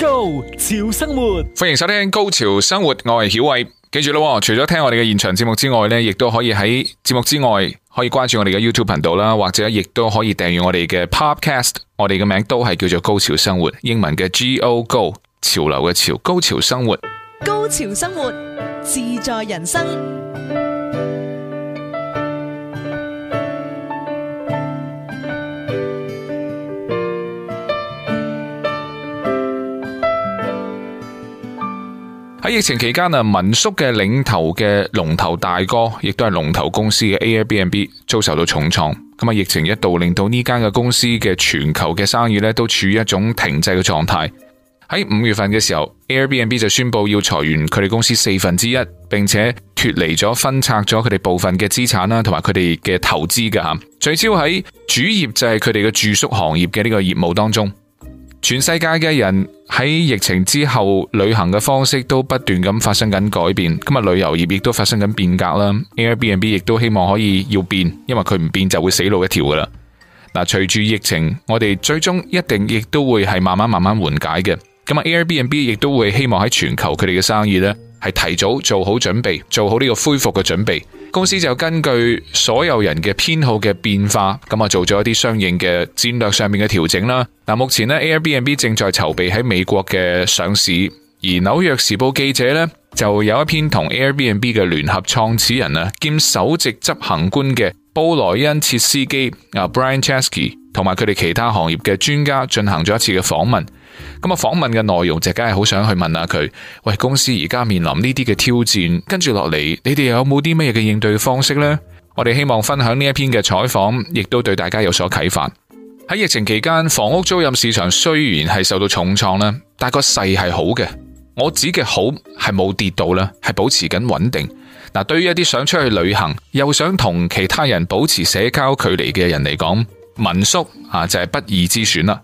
高潮生活，歡迎收聽《高潮生活》，我係曉偉。記住咯，除咗聽我哋嘅現場節目之外呢，亦都可以喺節目之外可以關注我哋嘅 YouTube 頻道啦，或者亦都可以訂閱我哋嘅 Podcast，我哋嘅名都係叫做《高潮生活》，英文嘅 G O Go 潮流嘅潮，高潮生活，高潮生活自在人生。疫情期間啊，民宿嘅領頭嘅龍頭大哥，亦都係龍頭公司嘅 Airbnb，遭受到重創。咁啊，疫情一度令到呢間嘅公司嘅全球嘅生意咧，都處於一種停滯嘅狀態。喺五月份嘅時候，Airbnb 就宣布要裁員佢哋公司四分之一，並且脫離咗分拆咗佢哋部分嘅資產啦，同埋佢哋嘅投資嘅吓。聚焦喺主業就係佢哋嘅住宿行業嘅呢個業務當中。全世界嘅人喺疫情之後旅行嘅方式都不斷咁發生緊改變，咁啊旅遊業亦都發生緊變革啦。Airbnb 亦都希望可以要變，因為佢唔變就會死路一條噶啦。嗱，隨住疫情，我哋最終一定亦都會係慢慢慢慢緩解嘅。咁啊，Airbnb 亦都會希望喺全球佢哋嘅生意呢，係提早做好準備，做好呢個恢復嘅準備。公司就根據所有人嘅偏好嘅變化，咁啊做咗一啲相應嘅戰略上面嘅調整啦。目前呢 Airbnb 正在籌備喺美國嘅上市，而紐約時報記者呢，就有一篇同 Airbnb 嘅聯合創始人兼首席執行官嘅布萊恩切斯基 Brian Chesky 同埋佢哋其他行業嘅專家進行咗一次嘅訪問。咁啊，訪問嘅內容就梗係好想去問下佢。喂，公司而家面臨呢啲嘅挑戰，跟住落嚟，你哋有冇啲乜嘢嘅應對方式呢？我哋希望分享呢一篇嘅採訪，亦都對大家有所啟發。喺疫情期間，房屋租賃市場雖然係受到重創啦，但個勢係好嘅。我指嘅好係冇跌到啦，係保持緊穩定。嗱，對於一啲想出去旅行又想同其他人保持社交距離嘅人嚟講，民宿啊就係不二之選啦。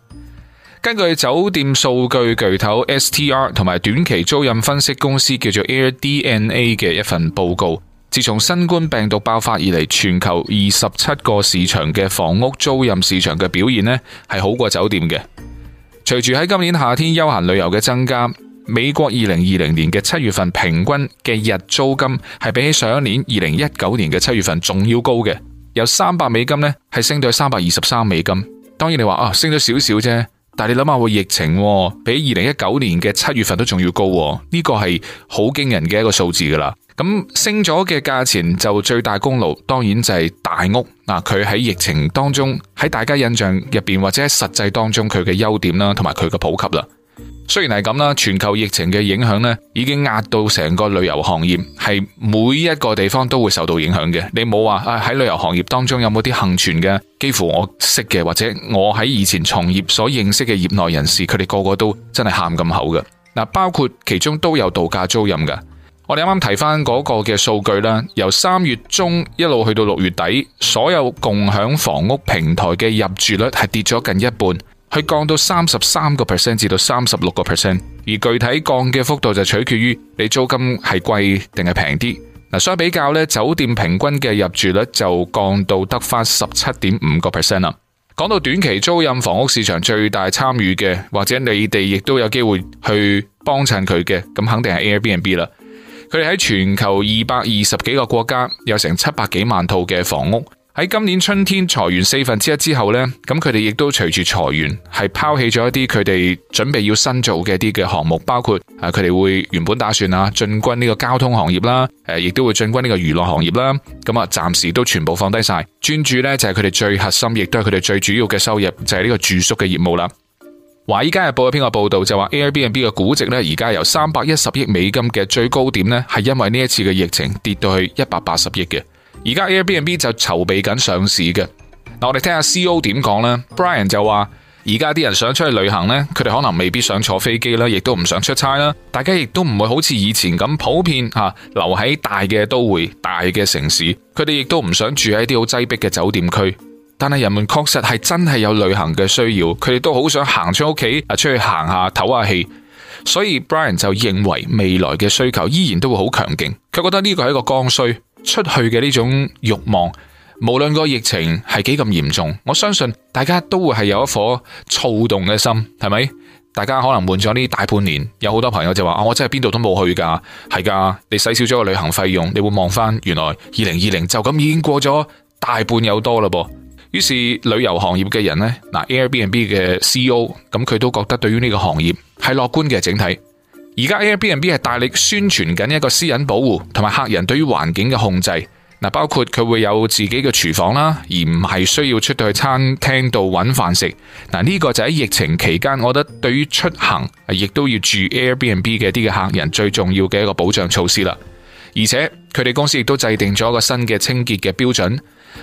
根據酒店數據巨頭 STR 同埋短期租賃分析公司叫做 AirDNA 嘅一份報告，自從新冠病毒爆發以嚟，全球二十七個市場嘅房屋租賃市場嘅表現呢係好過酒店嘅。隨住喺今年夏天休閒旅遊嘅增加，美國二零二零年嘅七月份平均嘅日租金係比起上一年二零一九年嘅七月份仲要高嘅，由三百美金呢係升到三百二十三美金。當然你話啊，哦，升咗少少啫。但你諗下個疫情，比二零一九年嘅七月份都仲要高，呢個係好驚人嘅一個數字噶啦。咁升咗嘅價錢就最大功勞，當然就係大屋嗱，佢喺疫情當中，喺大家印象入面或者喺實際當中佢嘅優點啦，同埋佢嘅普及啦。雖然係咁啦，全球疫情嘅影響呢，已經壓到成個旅遊行業，係每一個地方都會受到影響嘅。你冇話啊喺旅遊行業當中有冇啲幸存嘅？幾乎我識嘅或者我喺以前從業所認識嘅業內人士，佢哋個個都真係喊咁口嘅。嗱，包括其中都有度假租賃㗎。我哋啱啱提翻嗰個嘅數據啦，由三月中一路去到六月底，所有共享房屋平台嘅入住率係跌咗近一半。去降到三十三個 percent 至到三十六個 percent，而具體降嘅幅度就取決於你租金係貴定係平啲。嗱，相比較咧，酒店平均嘅入住率就降到得翻十七點五個 percent 啦。講到短期租賃房屋市場最大參與嘅，或者你哋亦都有機會去幫襯佢嘅，咁肯定係 Airbnb 啦。佢哋喺全球二百二十幾個國家，有成七百幾萬套嘅房屋。喺今年春天裁員四分之一之後呢，咁佢哋亦都隨住裁員係拋棄咗一啲佢哋準備要新做嘅一啲嘅項目，包括啊佢哋會原本打算啊進軍呢個交通行業啦，誒亦都會進軍呢個娛樂行業啦，咁啊暫時都全部放低晒，專注呢就係佢哋最核心，亦都係佢哋最主要嘅收入就係、是、呢個住宿嘅業務啦。華爾街日報一篇個報道就話 Airbnb 嘅估值呢，而家由三百一十億美金嘅最高點呢，係因為呢一次嘅疫情跌到去一百八十億嘅。而家 Airbnb 就籌備緊上市嘅，嗱我哋聽下 CEO 點講啦。Brian 就話，而家啲人想出去旅行呢，佢哋可能未必想坐飛機啦，亦都唔想出差啦。大家亦都唔會好似以前咁普遍吓、啊，留喺大嘅都會、大嘅城市。佢哋亦都唔想住喺啲好擠迫嘅酒店區。但係人們確實係真係有旅行嘅需要，佢哋都好想行出屋企啊，出去行下、唞下氣。所以 Brian 就認為未來嘅需求依然都會好強勁，佢覺得呢個係一個剛需。出去嘅呢種欲望，無論個疫情係幾咁嚴重，我相信大家都會係有一顆躁動嘅心，係咪？大家可能悶咗呢大半年，有好多朋友就話啊，我真係邊度都冇去噶，係噶，你使少咗個旅行費用，你會望翻原來二零二零就咁已經過咗大半有多嘞噃。於是旅遊行業嘅人呢，嗱 Airbnb 嘅 CEO 咁佢都覺得對於呢個行業係樂觀嘅整體。而家 Airbnb 係大力宣傳緊一個私隱保護同埋客人對於環境嘅控制，嗱，包括佢會有自己嘅廚房啦，而唔係需要出到去餐廳度揾飯食。嗱，呢個就喺疫情期間，我覺得對於出行亦都要住 Airbnb 嘅啲嘅客人最重要嘅一個保障措施啦。而且佢哋公司亦都制定咗一個新嘅清潔嘅標準。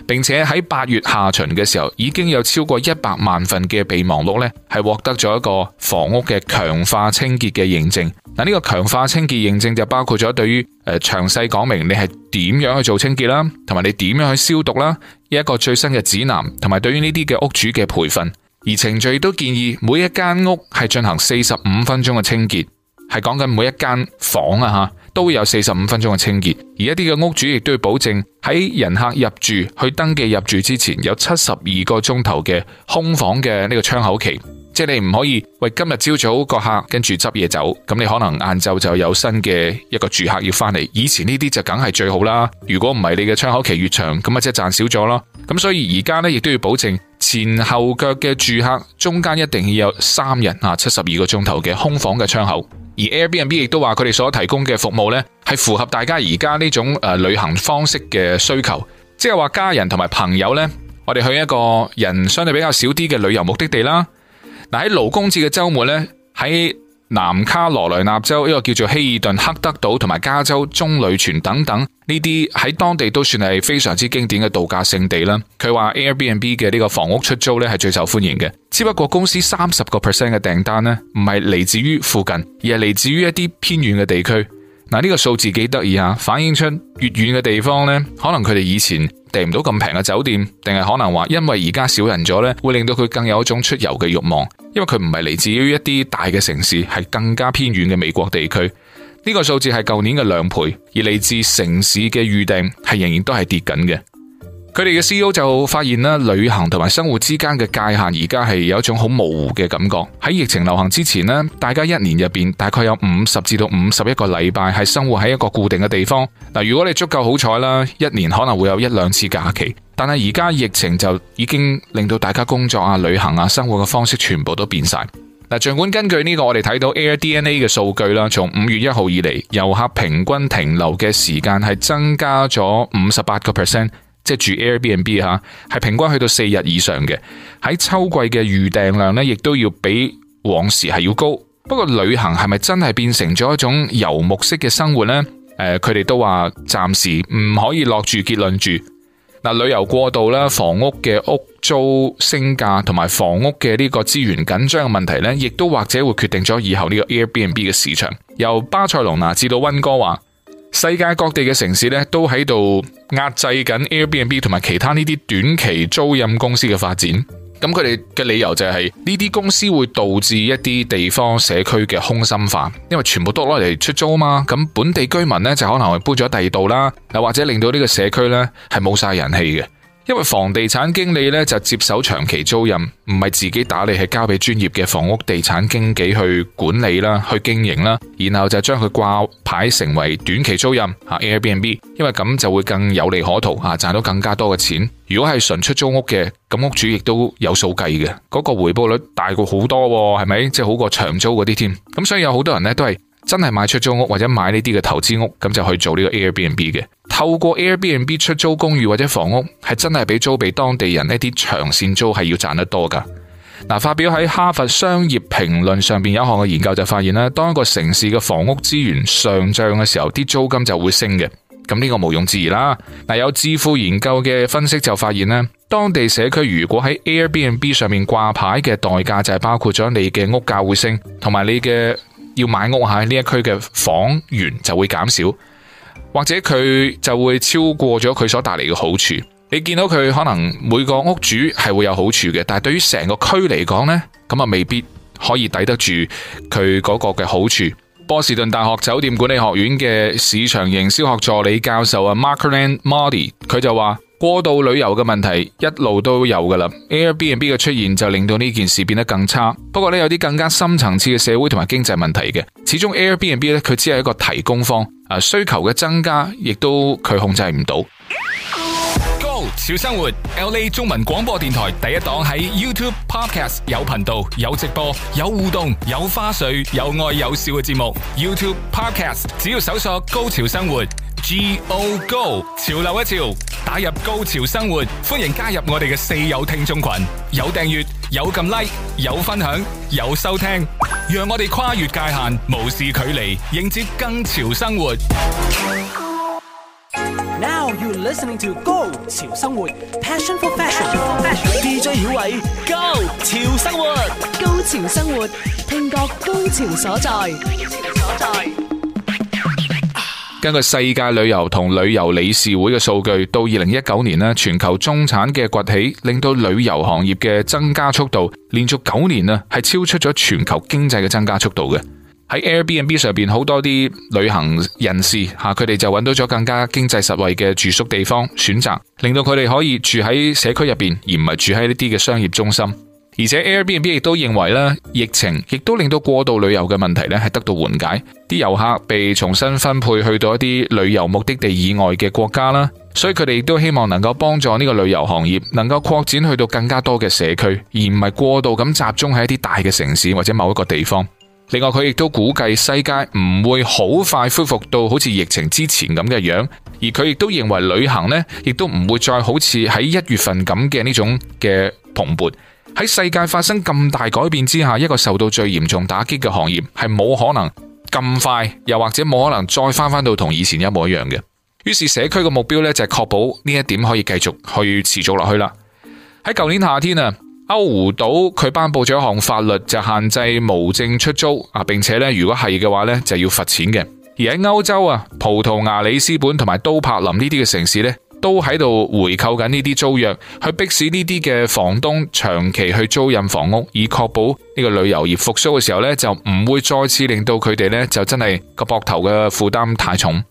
並且喺八月下旬嘅時候，已經有超過一百萬份嘅備忘錄咧，係獲得咗一個房屋嘅強化清潔嘅認證。嗱，呢個強化清潔認證就包括咗對於誒、呃、詳細講明你係點樣去做清潔啦，同埋你點樣去消毒啦呢一個最新嘅指南，同埋對於呢啲嘅屋主嘅培訓。而程序亦都建議每一間屋係進行四十五分鐘嘅清潔，係講緊每一間房啊吓。都有四十五分鐘嘅清潔，而一啲嘅屋主亦都要保證喺人客入住、去登記入住之前，有七十二個鐘頭嘅空房嘅呢個窗口期。即係你唔可以為今日朝早個客跟住執嘢走，咁你可能晏晝就有新嘅一個住客要翻嚟。以前呢啲就梗係最好啦。如果唔係，你嘅窗口期越長，咁咪即係賺少咗咯。咁所以而家咧，亦都要保證前後腳嘅住客中間一定要有三日，啊，七十二個鐘頭嘅空房嘅窗口。而 Airbnb 亦都話佢哋所提供嘅服務咧係符合大家而家呢種誒旅行方式嘅需求，即係話家人同埋朋友咧，我哋去一個人相對比較少啲嘅旅遊目的地啦。喺勞工節嘅周末呢，喺南卡羅來納州一個叫做希爾頓黑德島，同埋加州棕櫚泉等等呢啲喺當地都算係非常之經典嘅度假勝地啦。佢話 Airbnb 嘅呢個房屋出租呢係最受歡迎嘅，只不過公司三十個 percent 嘅訂單呢唔係嚟自於附近，而係嚟自於一啲偏遠嘅地區。嗱呢個數字幾得意啊！反映出越遠嘅地方呢，可能佢哋以前訂唔到咁平嘅酒店，定係可能話因為而家少人咗咧，會令到佢更有一種出遊嘅慾望。因為佢唔係嚟自於一啲大嘅城市，係更加偏遠嘅美國地區。呢個數字係舊年嘅兩倍，而嚟自城市嘅預訂係仍然都係跌緊嘅。佢哋嘅 CEO 就發現啦，旅行同埋生活之間嘅界限而家係有一種好模糊嘅感覺。喺疫情流行之前咧，大家一年入邊大概有五十至到五十一個禮拜係生活喺一個固定嘅地方。嗱，如果你足夠好彩啦，一年可能會有一兩次假期。但係而家疫情就已經令到大家工作啊、旅行啊、生活嘅方式全部都變晒。嗱，儘管根據呢、這個我哋睇到 AirDNA 嘅數據啦，從五月一號以嚟，遊客平均停留嘅時間係增加咗五十八個 percent。即係住 Airbnb 吓、啊，係平均去到四日以上嘅，喺秋季嘅預訂量呢亦都要比往時係要高。不過旅行係咪真係變成咗一種遊牧式嘅生活呢？呃、佢哋都話暫時唔可以落住結論住。嗱、呃，旅遊過度啦，房屋嘅屋租升價，同埋房屋嘅呢個資源緊張嘅問題呢，亦都或者會決定咗以後呢個 Airbnb 嘅市場。由巴塞隆那至到溫哥華。世界各地嘅城市咧，都喺度壓制緊 Airbnb 同埋其他呢啲短期租賃公司嘅發展。咁佢哋嘅理由就係呢啲公司會導致一啲地方社區嘅空心化，因為全部都攞嚟出租啊嘛。咁本地居民咧就可能去搬咗第二度啦，又或者令到呢個社區咧係冇晒人氣嘅。因為房地產經理咧就接手長期租賃，唔係自己打理，係交俾專業嘅房屋地產經紀去管理啦，去經營啦，然後就將佢掛牌成為短期租賃吓 Airbnb。因為咁就會更有利可圖啊，賺到更加多嘅錢。如果係純出租屋嘅，咁屋主亦都有數計嘅嗰、嗰個回報率大過好多，係咪？即係好過長租嗰啲添。咁所以有好多人咧都係。真係買出租屋或者買呢啲嘅投資屋，咁就去做呢個 Airbnb 嘅。透過 Airbnb 出租公寓或者房屋，係真係比租俾當地人呢啲長線租係要賺得多噶。嗱，發表喺哈佛商業評論上邊有一項嘅研究就發現咧，當一個城市嘅房屋資源上漲嘅時候，啲租金就會升嘅。咁呢個毋庸置疑啦。嗱，有智庫研究嘅分析就發現咧，當地社區如果喺 Airbnb 上面掛牌嘅代價就係包括咗你嘅屋價會升，同埋你嘅。要買屋喺呢一區嘅房源就會減少，或者佢就會超過咗佢所帶嚟嘅好處。你見到佢可能每個屋主係會有好處嘅，但係對於成個區嚟講呢，咁啊未必可以抵得住佢嗰個嘅好處。波士頓大學酒店管理學院嘅市場營銷學助理教授啊，Markland Mody，佢就話。過度旅遊嘅問題一路都有噶啦，Airbnb 嘅出現就令到呢件事變得更差。不過呢，有啲更加深層次嘅社會同埋經濟問題嘅，始終 Airbnb 咧佢只係一個提供方，啊需求嘅增加亦都佢控制唔到。高潮生活，LA 中文廣播電台第一檔喺 YouTube Podcast 有頻道、有直播、有互動、有花絮、有愛有笑嘅節目。YouTube Podcast 只要搜索《高潮生活》。Go go！潮流一潮，打入高潮生活，歡迎加入我哋嘅四友聽眾群，有訂閱，有撳 Like，有分享，有收聽，讓我哋跨越界限，無視距離，迎接更潮生活。Now you listening to 高潮生活，Passion for fashion，DJ 曉偉，Go！潮生活，高潮生活，聽覺高潮所在。所在。根據世界旅遊同旅遊理事會嘅數據，到二零一九年咧，全球中產嘅崛起令到旅遊行業嘅增加速度連續九年啊，係超出咗全球經濟嘅增加速度嘅。喺 Airbnb 上邊好多啲旅行人士吓，佢哋就揾到咗更加經濟實惠嘅住宿地方選擇，令到佢哋可以住喺社區入邊，而唔係住喺呢啲嘅商業中心。而且 Airbnb 亦都認為咧，疫情亦都令到過度旅遊嘅問題咧係得到緩解，啲遊客被重新分配去到一啲旅遊目的地以外嘅國家啦，所以佢哋亦都希望能夠幫助呢個旅遊行業能夠擴展去到更加多嘅社區，而唔係過度咁集中喺一啲大嘅城市或者某一個地方。另外，佢亦都估計世界唔會好快恢復到好似疫情之前咁嘅樣，而佢亦都認為旅行呢亦都唔會再好似喺一月份咁嘅呢種嘅蓬勃。喺世界發生咁大改變之下，一個受到最嚴重打擊嘅行業係冇可能咁快，又或者冇可能再返返到同以前一模一樣嘅。於是社區嘅目標咧就係確保呢一點可以繼續去持續落去啦。喺舊年夏天啊，歐胡島佢頒布咗一項法律，就限制無證出租啊，並且咧如果係嘅話咧就要罰錢嘅。而喺歐洲啊，葡萄牙里斯本同埋都柏林呢啲嘅城市咧。都喺度回購緊呢啲租約，去逼使呢啲嘅房東長期去租賃房屋，以確保呢個旅遊業復甦嘅時候呢就唔會再次令到佢哋呢就真係個膊頭嘅負擔太重。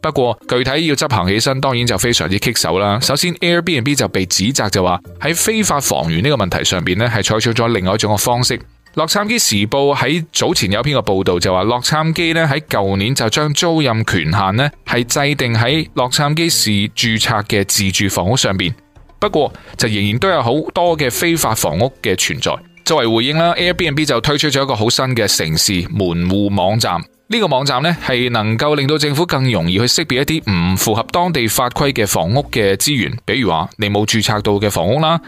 不過具體要執行起身，當然就非常之棘手啦。首先 Airbnb 就被指責就話喺非法房源呢個問題上邊呢係採取咗另外一種嘅方式。洛杉磯時報喺早前有一篇個報道就話，洛杉磯咧喺舊年就將租賃權限咧係制定喺洛杉磯市註冊嘅自住房屋上邊，不過就仍然都有好多嘅非法房屋嘅存在。作為回應啦，Airbnb 就推出咗一個好新嘅城市門戶網站，呢個網站咧係能夠令到政府更容易去識別一啲唔符合當地法規嘅房屋嘅資源，比如話你冇註冊到嘅房屋啦。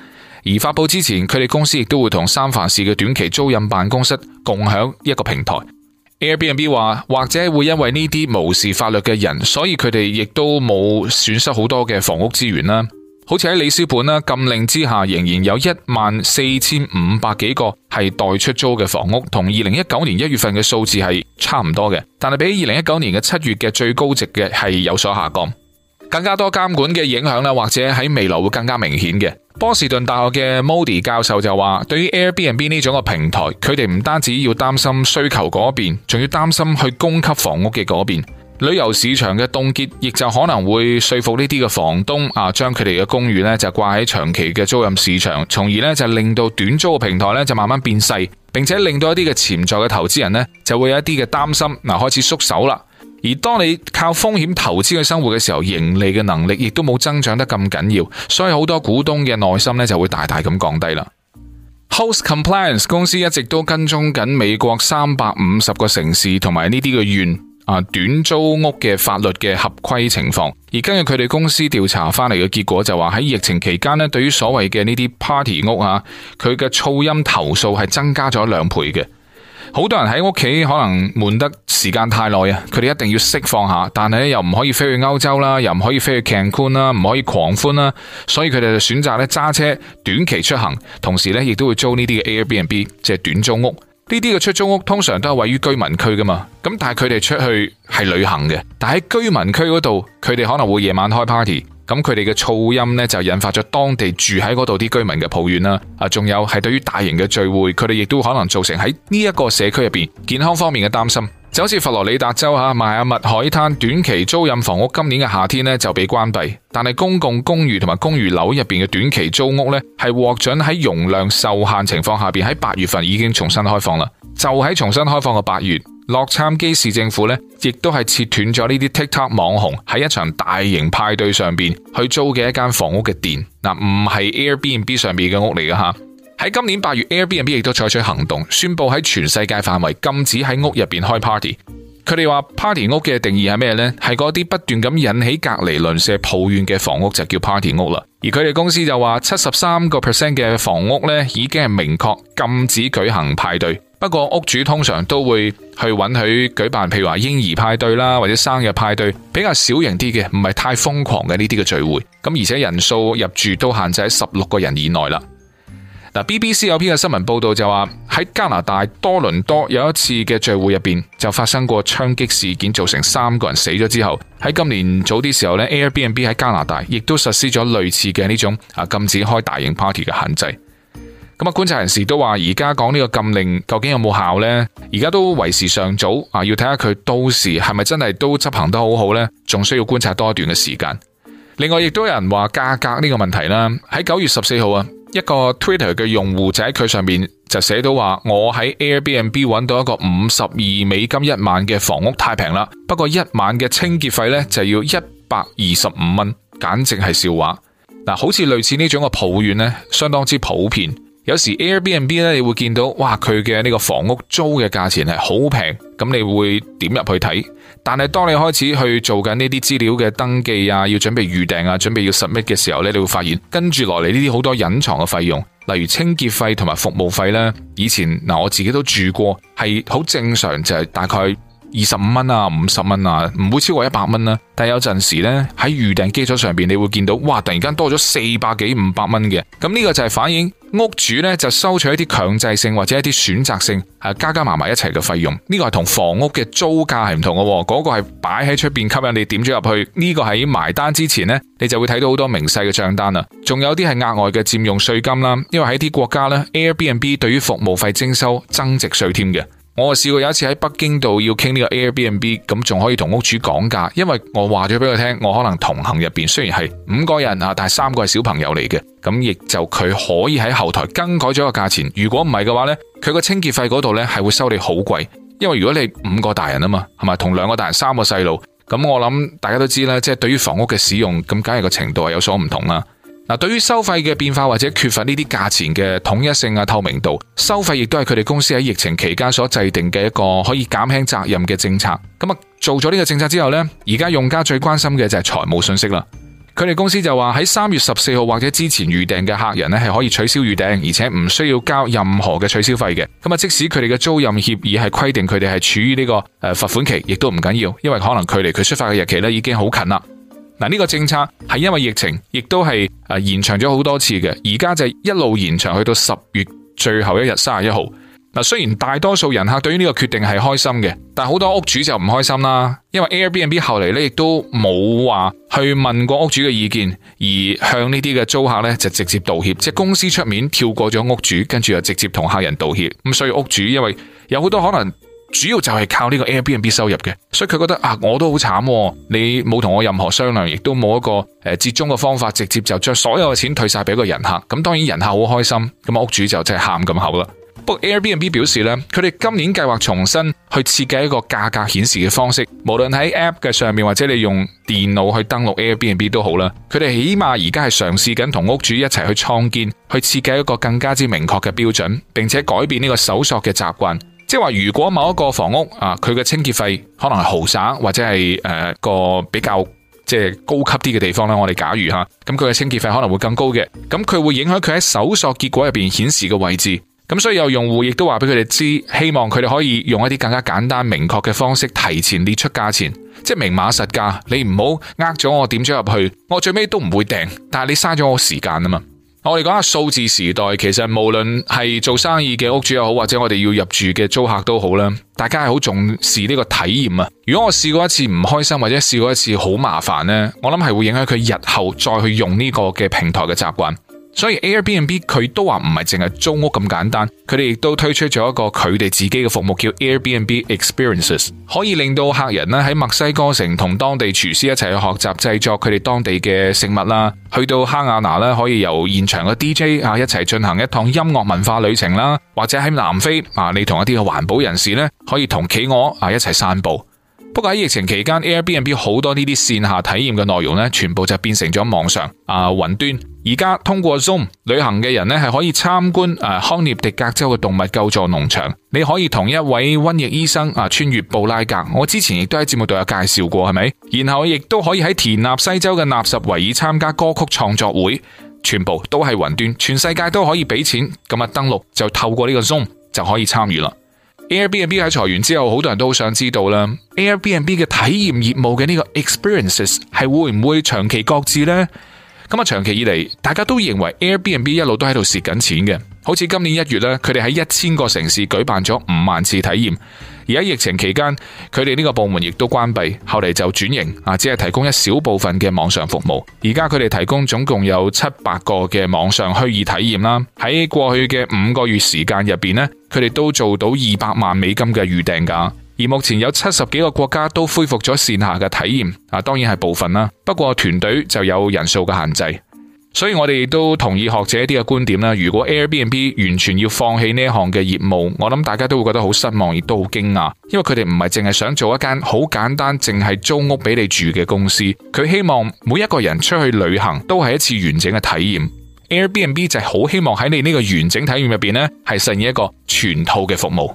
而發布之前，佢哋公司亦都會同三藩市嘅短期租賃辦公室共享一個平台。Airbnb 話，或者會因為呢啲無視法律嘅人，所以佢哋亦都冇損失好多嘅房屋資源啦。好似喺里斯本啦，禁令之下，仍然有一萬四千五百幾個係待出租嘅房屋，同二零一九年一月份嘅數字係差唔多嘅，但係比二零一九年嘅七月嘅最高值嘅係有所下降。更加多監管嘅影響啦，或者喺未來會更加明顯嘅。波士頓大學嘅 Modi 教授就話，對於 Airbnb 呢種個平台，佢哋唔單止要擔心需求嗰邊，仲要擔心去供給房屋嘅嗰邊。旅遊市場嘅凍結，亦就可能會說服呢啲嘅房東啊，將佢哋嘅公寓咧就掛喺長期嘅租賃市場，從而咧就令到短租嘅平台咧就慢慢變細，並且令到一啲嘅潛在嘅投資人咧就會有一啲嘅擔心嗱，開始縮手啦。而當你靠風險投資嘅生活嘅時候，盈利嘅能力亦都冇增長得咁緊要，所以好多股東嘅耐心咧就會大大咁降低啦。Host Compliance 公司一直都跟蹤緊美國三百五十個城市同埋呢啲嘅縣啊短租屋嘅法律嘅合規情況，而根據佢哋公司調查翻嚟嘅結果就話喺疫情期間咧，對於所謂嘅呢啲 party 屋啊，佢嘅噪音投訴係增加咗兩倍嘅。好多人喺屋企可能悶得時間太耐啊，佢哋一定要釋放下，但係咧又唔可以飛去歐洲啦，又唔可以飛去 Cancun 啦，唔可以狂歡啦，所以佢哋就選擇咧揸車短期出行，同時咧亦都會租呢啲嘅 Airbnb，即係短租屋。呢啲嘅出租屋通常都係位於居民區噶嘛，咁但係佢哋出去係旅行嘅，但係喺居民區嗰度，佢哋可能會夜晚開 party。咁佢哋嘅噪音咧就引發咗當地住喺嗰度啲居民嘅抱怨啦。啊，仲有係對於大型嘅聚會，佢哋亦都可能造成喺呢一個社區入邊健康方面嘅擔心就。就好似佛羅里達州吓邁阿密海灘短期租賃房屋今年嘅夏天咧就被關閉，但係公共公寓同埋公寓樓入邊嘅短期租屋咧係獲准喺容量受限情況下邊喺八月份已經重新開放啦。就喺重新開放嘅八月。洛杉磯市政府咧，亦都係切斷咗呢啲 TikTok 網紅喺一場大型派對上邊去租嘅一間房屋嘅電，嗱、呃、唔係 Airbnb 上邊嘅屋嚟噶吓。喺、啊、今年八月，Airbnb 亦都採取行動，宣布喺全世界範圍禁止喺屋入邊開 party。佢哋話 party 屋嘅定義係咩呢？係嗰啲不斷咁引起隔離鄰舍抱怨嘅房屋就叫 party 屋啦。而佢哋公司就話七十三個 percent 嘅房屋咧，已經係明確禁止舉行派對。不過屋主通常都會去允許舉辦，譬如話嬰兒派對啦，或者生日派對，比較小型啲嘅，唔係太瘋狂嘅呢啲嘅聚會。咁而且人數入住都限制喺十六個人以內啦。嗱，BBC 有篇嘅新聞報道就話喺加拿大多倫多有一次嘅聚會入邊就發生過槍擊事件，造成三個人死咗之後，喺今年早啲時候咧，Airbnb 喺加拿大亦都實施咗類似嘅呢種啊禁止開大型 party 嘅限制。咁啊，觀察人士都話，而家講呢個禁令究竟有冇效呢？而家都為時尚早啊，要睇下佢到時係咪真係都執行得好好呢？仲需要觀察多一段嘅時間。另外，亦都有人話價格呢個問題啦。喺九月十四號啊，一個 Twitter 嘅用戶就喺佢上面就寫到話：我喺 Airbnb 揾到一個五十二美金一晚嘅房屋太平啦，不過一晚嘅清潔費呢就要一百二十五蚊，簡直係笑話嗱。好似類似呢種嘅抱怨呢，相當之普遍。有時 Airbnb 咧，你會見到，哇佢嘅呢個房屋租嘅價錢係好平，咁你會點入去睇？但係當你開始去做緊呢啲資料嘅登記啊，要準備預訂啊，準備要 submit 嘅時候咧，你會發現跟住落嚟呢啲好多隱藏嘅費用，例如清潔費同埋服務費咧。以前嗱我自己都住過，係好正常，就係大概，二十五蚊啊，五十蚊啊，唔會超過一百蚊啦。但有陣時呢，喺預訂基礎上邊，你會見到哇，突然間多咗四百幾五百蚊嘅。咁呢個就係反映屋主呢，就收取一啲強制性或者一啲選擇性，係加加埋埋一齊嘅費用。呢個係同房屋嘅租價係唔同嘅，嗰個係擺喺出邊吸引你點咗入去。呢個喺埋單之前呢，你就會睇到好多明細嘅賬單啦。仲有啲係額外嘅佔用稅金啦，因為喺啲國家呢 Airbnb 對於服務費徵收增值稅添嘅。我試過有一次喺北京度要傾呢個 Airbnb，咁仲可以同屋主講價，因為我話咗俾佢聽，我可能同行入邊雖然係五個人啊，但係三個係小朋友嚟嘅，咁亦就佢可以喺後台更改咗個價錢。如果唔係嘅話呢，佢個清潔費嗰度呢係會收你好貴，因為如果你係五個大人啊嘛，係咪同兩個大人三個細路？咁我諗大家都知啦，即係對於房屋嘅使用，咁梗係個程度係有所唔同啦。嗱，對於收費嘅變化或者缺乏呢啲價錢嘅統一性啊、透明度，收費亦都係佢哋公司喺疫情期間所制定嘅一個可以減輕責任嘅政策。咁、嗯、啊，做咗呢個政策之後呢，而家用家最關心嘅就係財務信息啦。佢哋公司就話喺三月十四號或者之前預訂嘅客人呢係可以取消預訂，而且唔需要交任何嘅取消費嘅。咁、嗯、啊，即使佢哋嘅租賃協議係規定佢哋係處於呢、這個誒、呃、罰款期，亦都唔緊要，因為可能距離佢出發嘅日期呢已經好近啦。.嗱，呢個政策係因為疫情，亦都係誒，延長咗好多次嘅，而家就一路延長去到十月最後一日三十一號。嗱，雖然大多數人客對於呢個決定係開心嘅，但好多屋主就唔開心啦，因為 Airbnb 後嚟，咧亦都冇話去問過屋主嘅意見，而向呢啲嘅租客咧就直接道歉，即係公司出面跳過咗屋主，跟住又直接同客人道歉。咁所以屋主因為有好多可能。主要就係靠呢個 Airbnb 收入嘅，所以佢覺得啊，我都好慘，哦，你冇同我任何商量，亦都冇一個誒折、呃、中嘅方法，直接就將所有嘅錢退晒俾個人客。咁、嗯、當然人客好開心，咁屋主就真係喊咁口啦。不過 Airbnb 表示咧，佢哋今年計劃重新去設計一個價格顯示嘅方式，無論喺 App 嘅上面或者你用電腦去登錄 Airbnb 都好啦。佢哋起碼而家係嘗試緊同屋主一齊去創建，去設計一個更加之明確嘅標準，並且改變呢個搜索嘅習慣。即係話，如果某一個房屋啊，佢嘅清潔費可能係豪省，或者係誒、呃、個比較即係高級啲嘅地方咧，我哋假如吓，咁佢嘅清潔費可能會更高嘅，咁、啊、佢會影響佢喺搜索結果入邊顯示嘅位置，咁、啊、所以有用戶亦都話俾佢哋知，希望佢哋可以用一啲更加簡單明確嘅方式提前列出價錢，即係明碼實價，你唔好呃咗我點咗入去，我最尾都唔會訂，但係你嘥咗我時間啊嘛。我哋講下數字時代，其實無論係做生意嘅屋主又好，或者我哋要入住嘅租客都好啦，大家係好重視呢個體驗啊！如果我試過一次唔開心，或者試過一次好麻煩呢，我諗係會影響佢日後再去用呢個嘅平台嘅習慣。所以 Airbnb 佢都話唔係淨係租屋咁簡單，佢哋亦都推出咗一個佢哋自己嘅服務叫 Airbnb Experiences，可以令到客人咧喺墨西哥城同當地廚師一齊去學習製作佢哋當地嘅食物啦，去到哈瓦那咧可以由現場嘅 DJ 啊一齊進行一趟音樂文化旅程啦，或者喺南非啊你同一啲嘅環保人士咧可以同企鵝啊一齊散步。不過喺疫情期間，Airbnb 好多呢啲線下體驗嘅內容呢，全部就變成咗網上啊雲端。而家通過 Zoom 旅行嘅人呢，係可以參觀誒康涅狄格州嘅動物救助農場，你可以同一位瘟疫醫生啊穿越布拉格。我之前亦都喺節目度有介紹過，係咪？然後亦都可以喺田納西州嘅納什維爾參加歌曲創作會，全部都係雲端，全世界都可以俾錢。咁啊登錄就透過呢個 Zoom 就可以參與啦。Airbnb 喺裁員之後，好多人都好想知道啦。Airbnb 嘅體驗業務嘅呢個 experiences 係會唔會長期擱置呢？咁啊，長期以嚟，大家都認為 Airbnb 一路都喺度蝕緊錢嘅，好似今年一月咧，佢哋喺一千個城市舉辦咗五萬次體驗。而喺疫情期間，佢哋呢個部門亦都關閉，後嚟就轉型啊，只係提供一小部分嘅網上服務。而家佢哋提供總共有七百個嘅網上虛擬體驗啦。喺過去嘅五個月時間入面，呢，佢哋都做到二百萬美金嘅預訂價。而目前有七十幾個國家都恢復咗線下嘅體驗啊，當然係部分啦。不過團隊就有人數嘅限制。所以我哋都同意學者一啲嘅觀點啦。如果 Airbnb 完全要放棄呢項嘅業務，我諗大家都會覺得好失望，亦都好驚訝。因為佢哋唔係淨係想做一間好簡單，淨係租屋俾你住嘅公司。佢希望每一個人出去旅行都係一次完整嘅體驗。Airbnb 就係好希望喺你呢個完整體驗入邊呢，係實現一個全套嘅服務。